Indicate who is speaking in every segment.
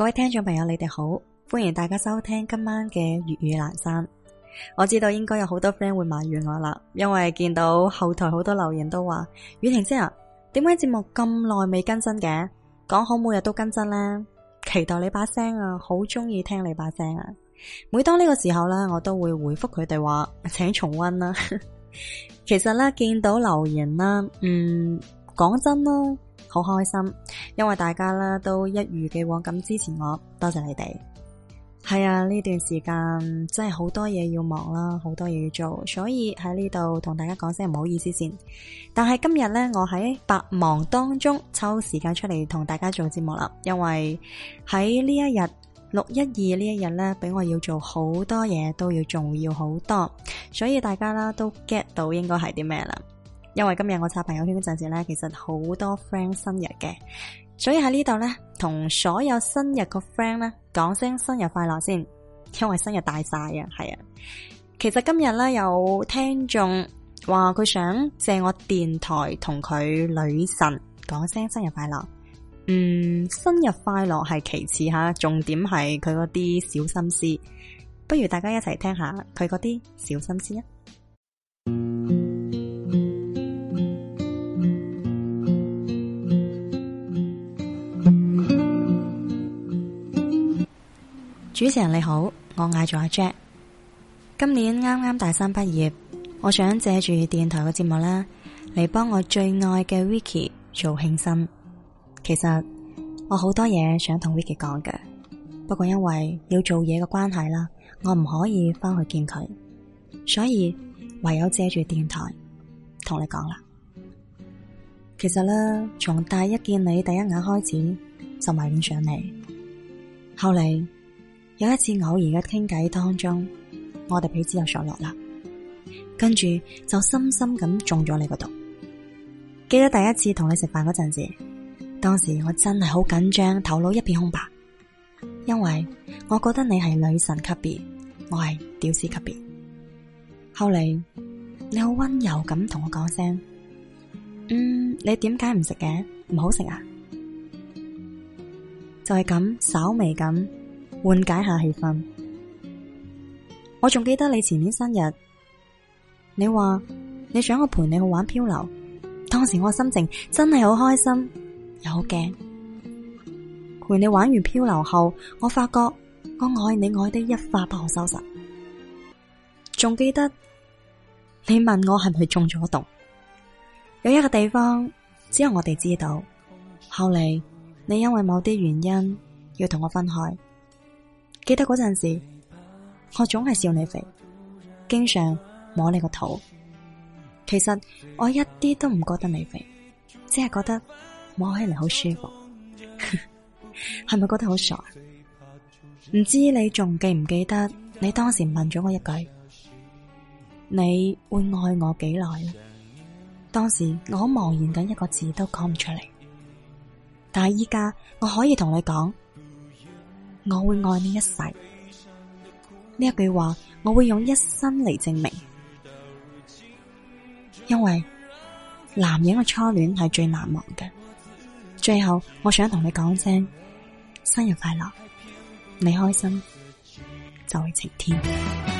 Speaker 1: 各位聽眾朋友，你哋好，歡迎大家收聽今晚嘅粵語闌山。我知道應該有好多 friend 會埋怨我啦，因為見到後台好多留言都話：雨婷姐啊，點解節目咁耐未更新嘅？講好每日都更新咧，期待你把聲啊，好中意聽你把聲啊。每當呢個時候咧，我都會回覆佢哋話，請重温啦、啊。 其實咧，見到留言啦、啊，嗯，講真咯。好開心，因為大家啦都一如既往咁支持我，多謝你哋。係啊，呢段時間真係好多嘢要忙啦，好多嘢要做，所以喺呢度同大家講聲唔好意思先。但係今日呢，我喺百忙當中抽時間出嚟同大家做節目啦，因為喺呢一日六一二呢一日呢，比我要做好多嘢都要重要好多，所以大家啦都 get 到應該係啲咩啦。因為今日我刷朋友圈嗰陣時咧，其實好多 friend 生日嘅，所以喺呢度咧，同所有生日個 friend 咧講聲生日快樂先。因為生日大晒啊，係啊。其實今日咧有聽眾話佢想借我電台同佢女神講聲生日快樂。嗯，生日快樂係其次吓，重點係佢嗰啲小心思。不如大家一齊聽下佢嗰啲小心思啊！嗯主持人你好，我嗌咗阿 Jack。今年啱啱大三畢業，我想借住電台嘅節目啦，嚟幫我最愛嘅 Vicky 做慶生。其實我好多嘢想同 Vicky 講嘅，不過因為要做嘢嘅關係啦，我唔可以翻去見佢，所以唯有借住電台同你講啦。其實咧，從大一見你第一眼開始，就迷戀上你。後嚟，有一次偶然嘅傾偈當中我被，我哋彼此又熟落啦，跟住就深深咁中咗你個毒。記得第一次同你食飯嗰陣時，當時我真係好緊張，頭腦一片空白，因為我覺得你係女神級別，我係屌絲級別。後嚟你好溫柔咁同我講聲，嗯，你點解唔食嘅？唔好食啊！就係、是、咁，稍微咁。緩解下氣氛，我仲記得你前年生日，你話你想我陪你去玩漂流，當時我心情真係好開心，又好驚，陪你玩完漂流後，我發覺我愛你愛得一發不可收拾。仲記得你問我係唔係中咗毒？有一個地方只有我哋知道。後嚟你因為某啲原因要同我分開。記得嗰陣時，我總係笑你肥，經常摸你個肚。其實我一啲都唔覺得你肥，只係覺得摸起嚟好舒服。係 咪覺得好傻啊？唔知你仲記唔記得你當時問咗我一句：你會愛我幾耐呢？當時我好茫然，緊一個字都講唔出嚟。但係依家我可以同你講。我會愛你一世，呢一句話我會用一生嚟證明。因為男人嘅初戀係最難忘嘅。最後，我想同你講聲生日快樂，你開心就會晴天。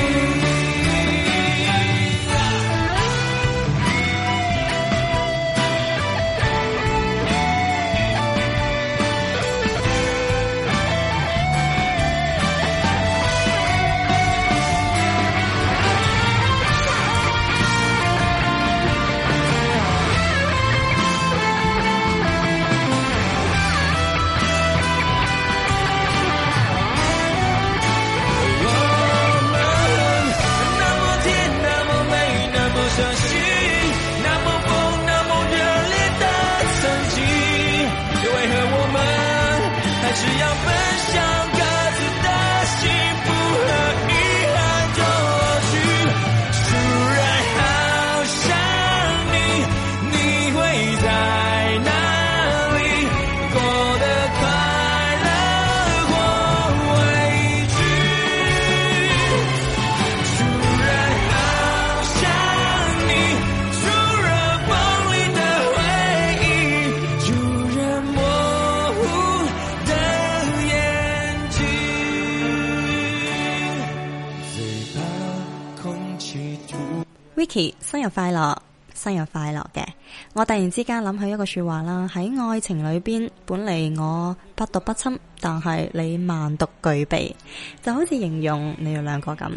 Speaker 1: Vicky，生日快樂，生日快樂嘅。我突然之間諗起一個說話啦，喺愛情裏邊，本嚟我百毒不侵，但係你萬毒俱備，就好似形容你哋兩個咁。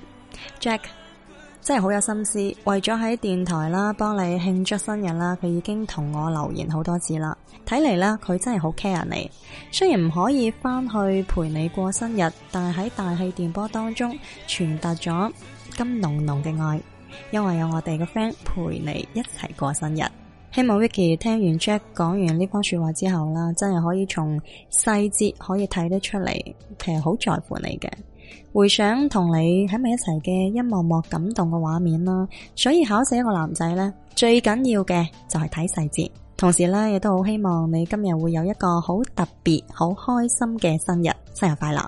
Speaker 1: Jack 真係好有心思，為咗喺電台啦幫你慶祝生日啦，佢已經同我留言好多次啦。睇嚟啦，佢真係好 care 你。雖然唔可以翻去陪你過生日，但係喺大氣電波當中傳達咗咁濃濃嘅愛。因為有我哋個 friend 陪你一齊過生日，希望 Vicky 聽完 Jack 講完呢番說話之後啦，真係可以從細節可以睇得出嚟，其實好在乎你嘅。回想同你喺埋一齊嘅一幕幕感動嘅畫面啦，所以考這一個男仔呢，最緊要嘅就係睇細節，同時呢，亦都好希望你今日會有一個好特別、好開心嘅生日，生日快樂。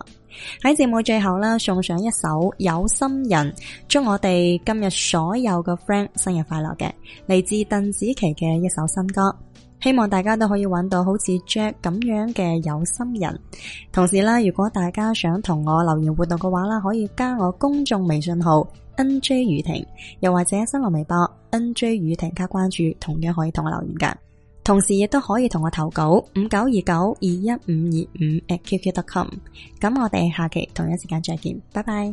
Speaker 1: 喺節目最後呢，送上一首有心人，祝我哋今日所有嘅 friend 生日快樂嘅，嚟自鄧紫棋嘅一首新歌。希望大家都可以揾到好似 Jack 咁樣嘅有心人。同時呢，如果大家想同我留言活動嘅話呢，可以加我公眾微信號 NJ 雨婷，又或者新浪微博 NJ 雨婷加關注，同樣可以同我留言噶。同時亦都可以同我投稿五九二九二一五二五 at QQ dot com。咁我哋下期同一時間再見，拜拜。